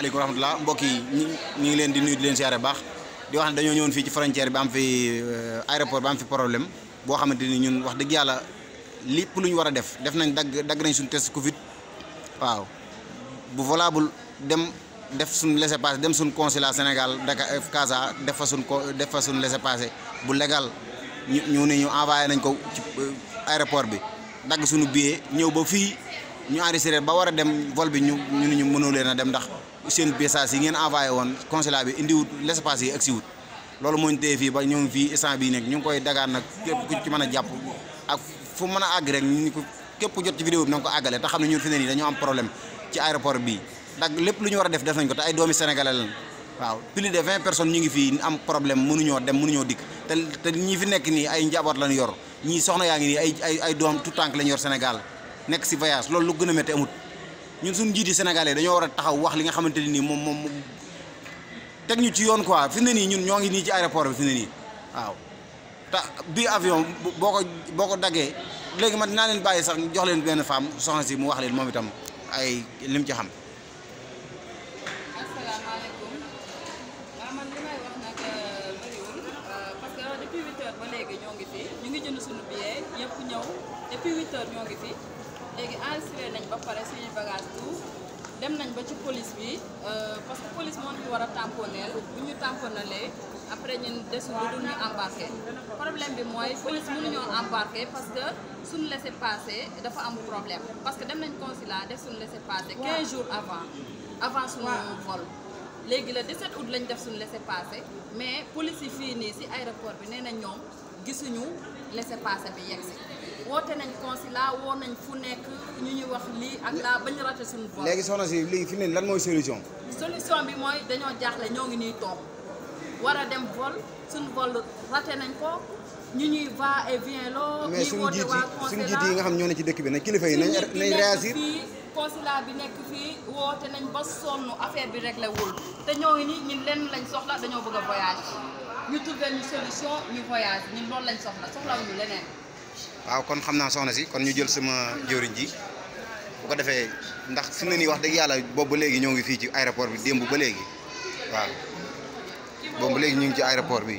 assalamualaikum warahmatullah rahmatulah mbokk yi ñu ngi leen di nuyu di leen ziaré bax di wax dañu dañoo ñëwoon fii ci frontière bi am fi euh, aéroport bi am fi problème bo xamanteni ñun wax deug yalla lepp luñu wara def def nañ dag dag nañ suñu test Covid waaw bu volable dem def suñu laissez-passer dem suñu consulat Sénégal Dakar euh, Casa def fa suñu def fa suñu laissez-passer bu légal ñu ñu ne ñu envoyé nañ ko ci euh, aéroport bi dag suñu billet ñëw ba fi ñu enregistré ba wara dem vol bi ñu ñu mënu leena dem ndax seen message yi ngeen envoyé woon consulat bi indiwut l'espace yi ak siwut loolu moo ñu fii ba ñoo fii instant bii nekk ñu ngi koy dagaan nag képp ku ci mën a ko képp ku jot ci vidéo bi na ko àggale te xam ne ñun fi ne nii dañoo am problème ci lépp lu ñu war a def def nañ ko ay doomi sénégalais lañ waaw plus de ñu ngi fii am problème munuñoo dem mënuñoo dikk te te ñi fi nekk nii ay njaboot lañ yor ñii soxna yaa ngi nii ay ay ay doom tout tànk lañ yor Sénégal nekk si voyage loolu lu gën a métti amut ñun suñu njiit yi sénégalais dañoo war a taxaw wax li nga xamante ne nii moom moom teg ñu ci yoon quoi fi ne nii ñun ñoo ngi nii ci aéroport bi fi ne nii waaw te bii avion boo ko boo ko daggee léegi man dinaa leen bàyyi sax jox leen benn femme soxna si mu wax leen moom itam ay lim ci xam. Ah, euh, euh, depuis 8 heures ñoo ngi fi léegi enregistré nañ ba pare suñuy bagage tout dem nañ ba ci police bi euh, parce que police moo ñu war a tamponeel bu ñu tamponalee après ñun desul lu dul ñu embarqué problème bi mooy police mënuñoo embarqué parce que suñu laissez passer dafa am problème parce que dem nañ consulat def suñu laissez passer 15 jours avant avant suñu vol. léegi le 17 août lañ def suñu laisser passer mais police yi fii aéroport bi passer bi Woté nañ consulat wo nañ fu nekk ñu wax li ak la bañ suñu vol. lan moy solution. solution bi moy dañoo ont ñoo ngi ñuy top. Wara dem vol suñu vol raté nañ va et vient lo mais suñu ne ci dëkk bi consulat bi nekk fii woote nañ ba sonn affaire bi réglé wul te ñoo ngi nii ñun lenn lañ soxla dañoo bëgg voyage ñu trouvé ñu solution ñu voyage ñun loolu lañ soxla soxlawuñu waaw kon xam naa soxna si kon ñu jël sama jëwriñ ji bu ko defee ndax si mu ne nii wax dëgg yàlla boobu ba léegi ñoo ngi fii ci aéroport bi démb ba léegi waaw boobu léegi ñu ngi ci aéroport bi.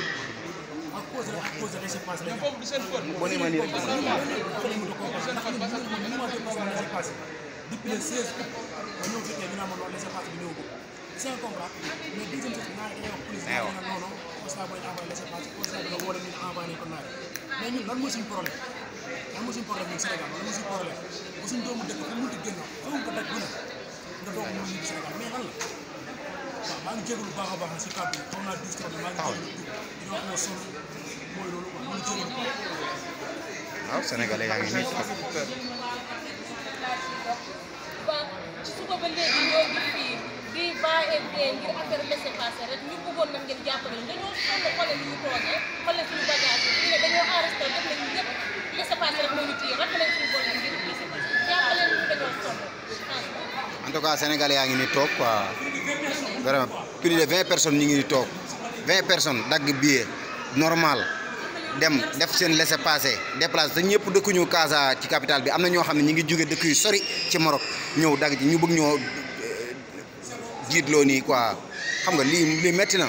déposé récépissé la boo nee ma lii rek depuis le 16 ba ñëw fekkee ñu naan ma loolu laissez-passer bi ñëw ko c'est un contrat mais deuxième chose naa ne wax police na noonu constat booy envoyé laissez-passer constat bi nga wóor ñu envoyé nañ ko naa mais ñun lan mooy suñu problème lan mooy suñu problème ñun Sénégal lan mooy suñu problème ba suñu doomu dëkk ko munti génn foofu ko daj gën a nga doog mu ñibbi Sénégal mais lan la waaw maa ngi jégalu baax a baax na si kàddu xaw naa diis trop maa ngi jégalu di wax na solo waaw sénégalais yaa ngi nii toog. ci suba ba léegi ñoo ngi fii ñu bi ne en tout cas sénégalais yaa ngi nii toog quoi vraiment plus de vingt personnes ñu ngi nii toog vingt personnes dagg billet normal. dem def seen laissez-passer déplacé te ñëpp dëkkuñu Casa ci capital bi am na ñoo xam ne ñu ngi jóge dëkk yu sori ci Maroc ñëw dagg ji ñu bëgg ñoo euh, jiitloo nii quoi xam nga lii lii métti na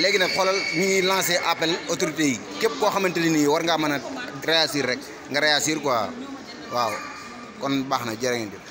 léegi nag xoolal ñuy ngi lancé appel autorité yi képp koo xamante ne nii war ngaa mën a réagir rek nga réagir quoi waaw kon baax na jërë ngeen